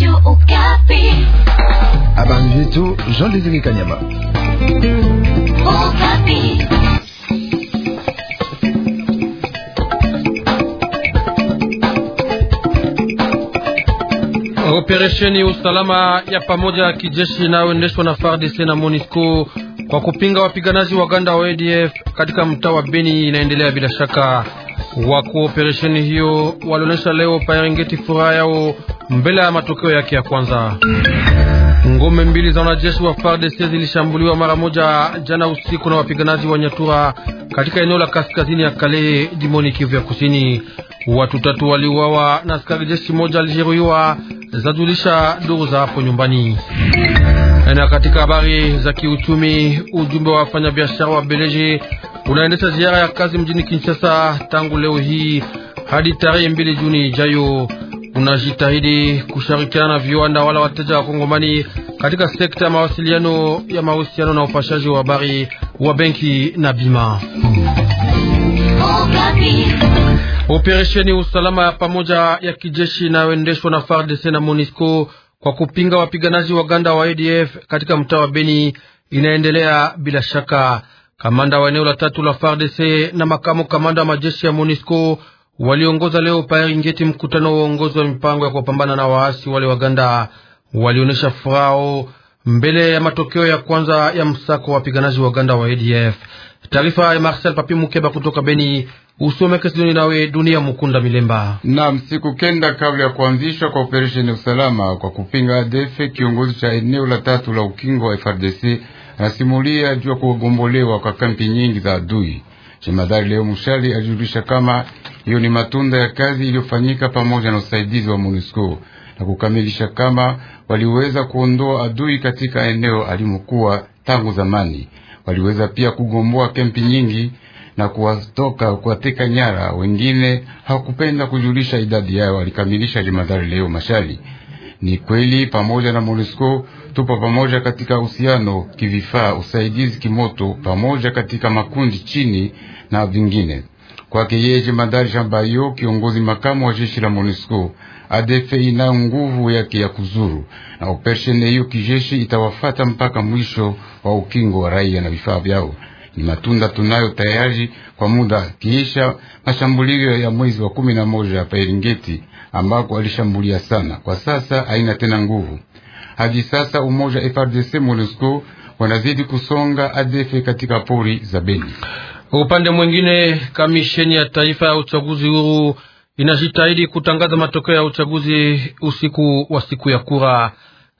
Jean Kanyama. Operesheni usalama ya pamoja ya kijeshi inayoendeshwa na FARDC na MONUSCO kwa kupinga wapiganaji wa Uganda wa ADF katika mtaa wa Beni inaendelea bila shaka. Wakuu operesheni hiyo walionyesha leo Paeringeti furaha yao mbele ya matokeo yake ya kwanza. Ngome mbili za wanajeshi wa FARDC zilishambuliwa mara moja jana usiku na wapiganaji wa Nyatura katika eneo la kaskazini ya Kale, jimoni Kivu ya kusini. Watu tatu waliuawa na askari jeshi moja alijeruhiwa, zajulisha duru za hapo nyumbani. Na katika habari za kiuchumi, ujumbe wa wafanyabiashara wa Beleji unaendesha ziara ya kazi mjini Kinshasa tangu leo hii hadi tarehe mbili Juni ijayo. Unajitahidi kushirikiana na viwanda wala wateja wa Kongomani katika sekta ya mawasiliano ya mahusiano na upashaji wa habari wa benki na bima. Operesheni usalama ya pamoja ya kijeshi inayoendeshwa na FARDC na MONUSCO kwa kupinga wapiganaji wa ganda wa ADF katika mtaa wa Beni inaendelea bila shaka. Kamanda wa eneo la tatu la FARDC na makamu kamanda wa majeshi ya MONUSCO waliongoza leo pairingeti ngeti mkutano wa uongozi wa mipango ya kupambana na waasi wale Waganda. Walionyesha furao mbele ya matokeo ya kwanza ya msako wa wapiganaji wa Uganda wa ADF. Taarifa ya Marcel Papi Mukeba kutoka Beni. Nawe dunia milemba. siku kenda kabla ya kuanzishwa kwa operesheni ya usalama kwa kupinga ADF, kiongozi cha eneo la tatu la ukingo wa FRDC anasimulia juu ya kugombolewa kwa kampi nyingi za adui. Jemadari Leo Mushali alijulisha kama hiyo ni matunda ya kazi iliyofanyika pamoja na usaidizi wa MONUSCO na kukamilisha kama waliweza kuondoa adui katika eneo alimokuwa tangu zamani. Waliweza pia kugomboa kempi nyingi na kuwatoka kuwateka nyara wengine. Hawakupenda kujulisha idadi yao, alikamilisha jemadari Leo Mashali. Ni kweli pamoja na MONUSCO tupo pamoja katika uhusiano kivifaa, usaidizi kimoto, pamoja katika makundi chini na vingine. Kwake yeye Jemadari Shambayo, kiongozi makamu wa jeshi la MONUSCO, ADF ina nguvu yake ya kuzuru na operesheni hiyo kijeshi itawafata mpaka mwisho wa ukingo wa raia na vifaa vyao. Ni matunda tunayo tayari kwa muda kiisha mashambulio ya mwezi wa kumi na moja hapa Eringeti ambako alishambulia sana. Kwa sasa haina tena nguvu. Hadi sasa umoja FRDC MONUSCO wanazidi kusonga adefe katika pori za Beni. Upande mwingine, kamisheni ya taifa ya uchaguzi huru inajitahidi kutangaza matokeo ya uchaguzi usiku wa siku ya kura.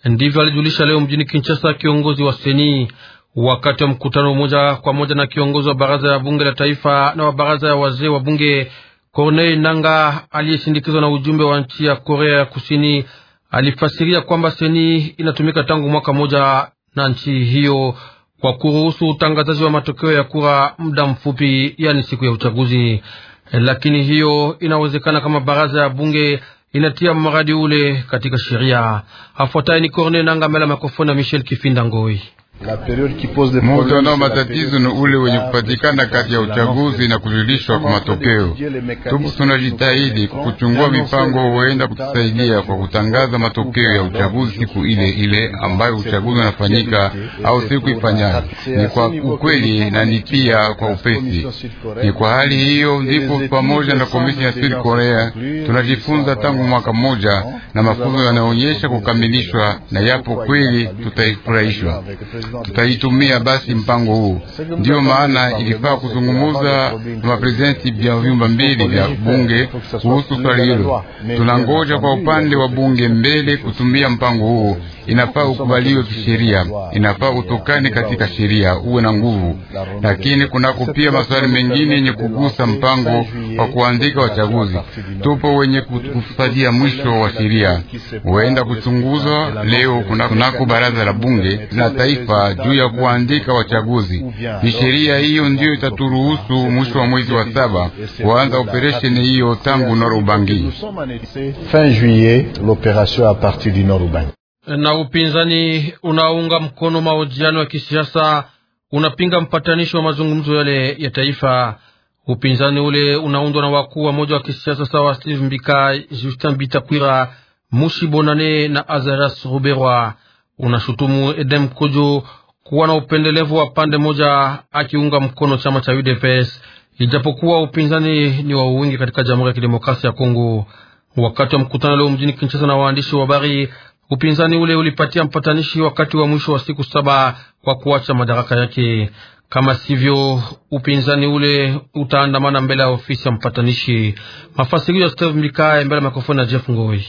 Ndivyo alijulisha leo mjini Kinshasa kiongozi wa seni wakati wa mkutano moja kwa moja na kiongozi wa baraza ya bunge la taifa na wa baraza ya wazee wa bunge Corneille Nanga aliyesindikizwa na ujumbe wa nchi ya Korea ya Kusini alifasiria kwamba seni inatumika tangu mwaka moja na nchi hiyo kwa kuruhusu utangazaji wa matokeo ya kura muda mfupi, yani siku ya uchaguzi. Lakini hiyo inawezekana kama baraza ya bunge inatia mradi ule katika sheria. Afuataye ni Corneille Nanga mbele ya mikrofoni ya Michel Kifinda Ngoi. Muda unao matatizo ni ule wenye kupatikana kati ya uchaguzi na kujulishwa kwa matokeo. Tupo tunajitahidi kuchungua mipango huenda kutusaidia kwa kutangaza matokeo ya uchaguzi siku ile ile ambayo uchaguzi unafanyika au siku ifanyayo. Ni kwa ukweli na ni pia kwa upesi. Ni kwa hali hiyo ndipo pamoja na komisheni ya Sud Korea tunajifunza tangu mwaka mmoja, na mafunzo yanaonyesha kukamilishwa na yapo kweli, tutaifurahishwa tutaitumia basi mpango huu. Ndiyo maana ilifaa kuzungumuza na maprezidenti vya vyumba mbili vya bunge kuhusu swali hilo. Tunangoja kwa upande wa bunge mbele kutumia mpango huu inafaa ukubaliwe kisheria, inafaa utokane katika sheria, uwe na nguvu. Lakini kunako pia maswali mengine yenye kugusa mpango wa kuandika wachaguzi, tupo wenye kukufadia mwisho wa sheria, huenda kuchunguzwa leo kunako baraza la bunge la taifa juu ya kuandika wachaguzi. Ni sheria hiyo ndiyo itaturuhusu mwisho wa mwezi wa saba kuanza operesheni hiyo tangu Norubangi. Fin juillet, l'opération à partir du Ubangi na upinzani unaunga mkono mahojiano ya kisiasa unapinga mpatanishi wa mazungumzo yale ya taifa. Upinzani ule unaundwa na wakuu wa moja wa kisiasa sawa Steve Mbika, Justin Bitakwira, Mushi Bonane na Azaras Ruberwa. Unashutumu Edem Kojo kuwa na upendelevu wa pande moja, akiunga mkono chama cha UDPS ijapokuwa upinzani ni wa uwingi katika Jamhuri ya Kidemokrasia ya Kongo. Wakati wa mkutano leo mjini Kinshasa na waandishi wa habari Upinzani ule ulipatia mpatanishi wakati wa mwisho wa siku saba kwa kuacha madaraka yake. Kama sivyo, upinzani ule utaandamana mbele ya ofisi ya mpatanishi. Mafasirio ya Steve Mikae mbele ya mikrofoni ya Jeff Ngoi.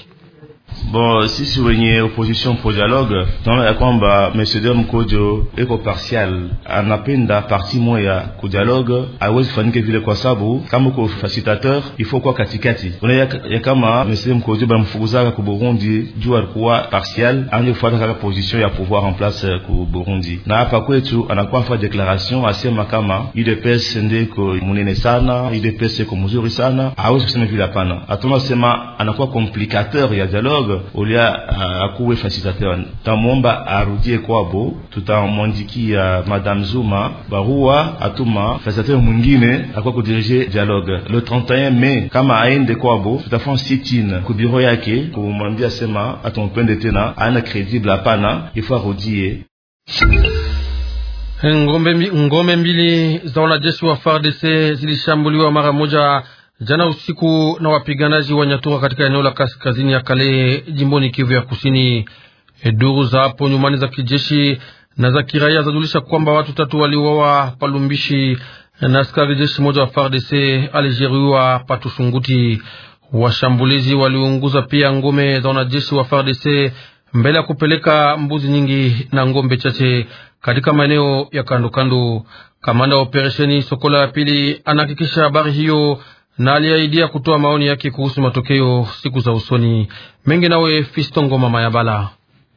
Bon, si souvenir opposition pro dialogue tunaona hein, ya kwamba Mr. Mkojo eko partial, anapenda parti moja ku dialogue haiwezi kufanike vile, kwa sababu kama uko facilitateur ifo kuwa katikati. Unaona ya kama Mr. Mkojo bamfukuzaka ku Burundi partiel alikuwa partial, anje kufuata la position ya pouvoir en place ku euh, Burundi, na hapa kwetu anakuwa fa declaration asema kama UDPS ndiko munene sana, UDPS eko mzuri sana, hawezi c'est vile. Hapana, a anakuwa complicateur ya dialogue dialogue olia akuwe euh, facilitateur tamomba arudie kwabo, tutamwandikia Madame Zuma barua atuma facilitateur mwingine akwa kudirige dialogue le 31 mai. Kama aende kwabo, tutafa sitine ku biro yake kumwambia sema atompende tena, ana credible apana ifo arudie ngombe. Ngombe mbili za wanajeshi wa FARDC zilishambuliwa mara moja Jana usiku na wapiganaji wa Nyatura katika eneo la kaskazini ya Kale jimboni Kivu ya Kusini. E, duru za hapo nyumbani za kijeshi na za kiraia zajulisha kwamba watu tatu waliuawa Palumbishi na askari jeshi moja wa FARDC alijeruhiwa Patusunguti. Washambulizi waliunguza pia ngome za wanajeshi wa FARDC mbele ya kupeleka mbuzi nyingi na ngombe chache katika maeneo ya kandokando. Kamanda wa operesheni Sokola ya pili anahakikisha habari hiyo na aliahidia kutoa maoni yake kuhusu matokeo siku za usoni mengi. Nawe Fistongo mama ya Bala.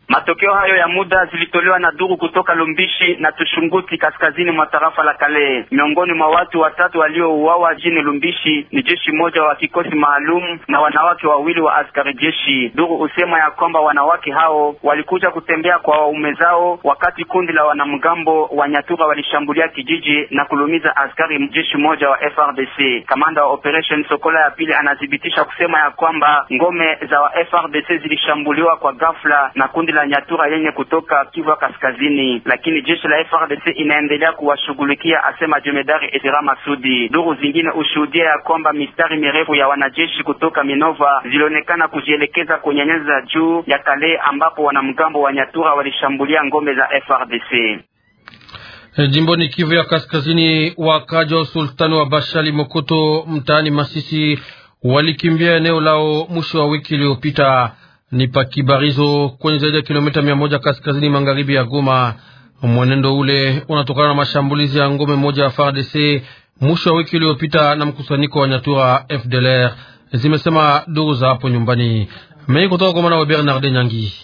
Matokeo hayo ya muda zilitolewa na duru kutoka Lumbishi na Tushunguti kaskazini mwa tarafa la Kale. Miongoni mwa watu watatu waliouawa jini Lumbishi ni jeshi moja wa kikosi maalum na wanawake wawili wa askari jeshi. Duru husema ya kwamba wanawake hao walikuja kutembea kwa waume zao wakati kundi la wanamgambo wa Nyatura walishambulia kijiji na kulumiza askari jeshi moja wa FRDC. Kamanda wa operation Sokola ya pili anathibitisha kusema ya kwamba ngome za wa FRDC zilishambuliwa kwa ghafla na kundi la Nyatura yenye kutoka Kivu ya Kaskazini, lakini jeshi la FRDC inaendelea kuwashughulikia, asema jemedari Esira Masudi. Duru zingine ushuhudia ya kwamba mistari mirefu ya wanajeshi kutoka Minova zilionekana kujielekeza kwenye nyanja za juu ya Kale ambapo wanamgambo wa Nyatura walishambulia ngome za FRDC. Eh, jimboni Kivu ya Kaskazini, wakaji wa sultani wa Bashali Mokoto mtaani Masisi walikimbia eneo lao mwisho wa wiki iliyopita ni Kibarizo kwenye zaidi ya kilomita mia moja kaskazini magharibi ya Goma. Mwenendo ule unatokana na mashambulizi ya ngome moja ya FARDC mwisho wa wiki iliyopita na mkusanyiko wa Nyatura FDLR, zimesema duru za hapo nyumbani mei kutoka kwa mwana wa Bernard Nyangi.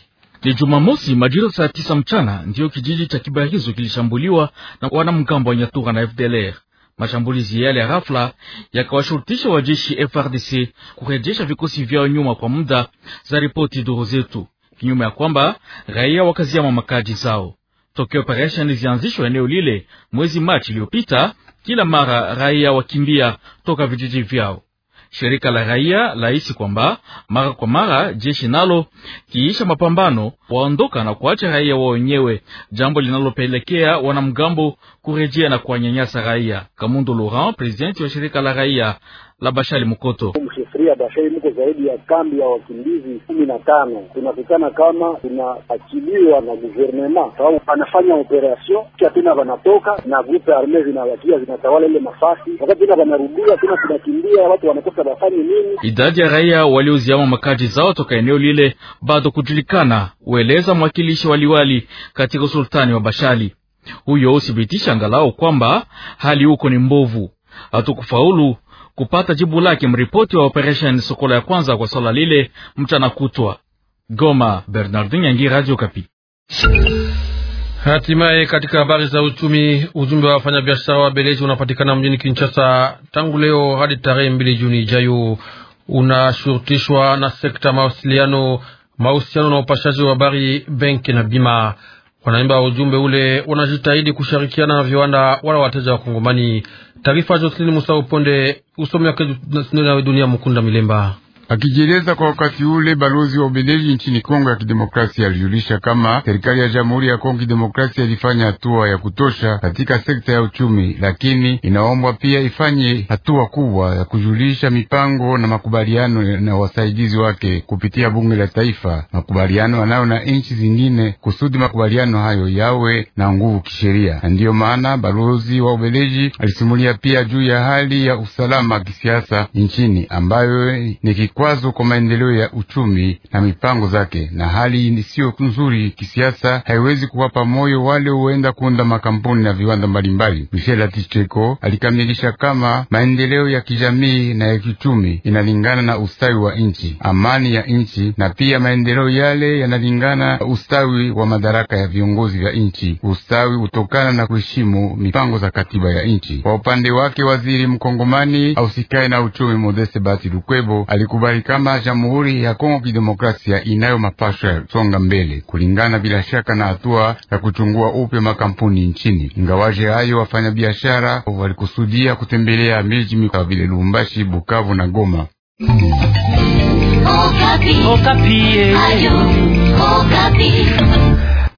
Ni Jumamosi majira saa tisa mchana ndiyo kijiji cha Kibarizo kilishambuliwa na wanamgambo wa Nyatura na FDLR. Mashambulizi yale ya ghafla yakawashurutisha wajeshi FRDC kurejesha vikosi vyao nyuma kwa muda, za ripoti duru zetu, kinyume ya kwamba raia wakaziama makaji zao Tokeo operesheni zianzishwa eneo lile mwezi Machi iliyopita. Kila mara raia wakimbia toka vijiji vyao shirika la raia laisi kwamba mara kwa mara jeshi nalo kiisha mapambano waondoka na kuacha raia wao wenyewe, jambo linalopelekea wanamgambo kurejea na kuwanyanyasa raia. Kamundo Laurent, presidenti wa shirika la raia la Bashali Mukoto. Mshefria Bashali Muko, zaidi ya kambi ya wakimbizi kumi na tano tunakutana kama tunaachiliwa na guvernema, sababu wanafanya operation kisha tena wanatoka na grupe arme zinawakia zinatawala ile mafasi wakati tena wanarudia tena tunakimbia, watu wanakosa bafanye nini. Idadi ya raia walioziama makazi zao toka eneo lile bado kujulikana, ueleza mwakilishi waliwali katika usultani wa Bashali huyo usibitisha angalau kwamba hali huko ni mbovu. Hatukufaulu kupata jibu lake mripoti wa operation Sokola ya kwanza kwa swala lile mchana kutwa. Goma, Bernardin Yangi, Radio Kapi. Hatimaye katika habari za uchumi, ujumbe wa wafanyabiashara wa Beleji unapatikana mjini Kinshasa tangu leo hadi tarehe mbili Juni ijayo. Unashurutishwa na sekta mawasiliano, mahusiano na upashaji wa habari, benki na bima. Wanaimba ujumbe ule wanajitahidi kushirikiana na viwanda wala wateja wa Kongomani. Taarifa Jocelyn Musa Uponde, usomi wake na Dunia Mukunda Milemba. Akijieleza kwa wakati ule, balozi wa Ubeleji nchini Kongo ya Kidemokrasia alijulisha kama serikali ya Jamhuri ya Kongo Kidemokrasia ilifanya hatua ya kutosha katika sekta ya uchumi, lakini inaombwa pia ifanye hatua kubwa ya kujulisha mipango na makubaliano na wasaidizi wake kupitia bunge la taifa, makubaliano anayo na nchi zingine, kusudi makubaliano hayo yawe na nguvu kisheria. Na ndiyo maana balozi wa Ubeleji alisimulia pia juu ya hali ya usalama kisiasa nchini ambayo ni vikwazo kwa maendeleo ya uchumi na mipango zake, na hali isiyo nzuri kisiasa haiwezi kuwapa moyo wale huenda kuunda makampuni na viwanda mbalimbali. Michel Aticheko alikamilisha kama maendeleo ya kijamii na ya kiuchumi inalingana na ustawi wa nchi, amani ya nchi, na pia maendeleo yale yanalingana na ustawi wa madaraka ya viongozi vya nchi. Ustawi hutokana na kuheshimu mipango za katiba ya nchi. Kwa upande wake, waziri mkongomani ausikaye na uchumi Modeste bati Lukwebo alikubali kukubali kama Jamhuri ya Kongo Kidemokrasia inayo mapasho ya songa mbele kulingana bila shaka na hatua ya kuchungua upya makampuni nchini. Ingawaje hayo, wafanyabiashara walikusudia kutembelea miji kama vile Lubumbashi, Bukavu na Goma. Okapi. Okapi. Eh. Ayu, Okapi.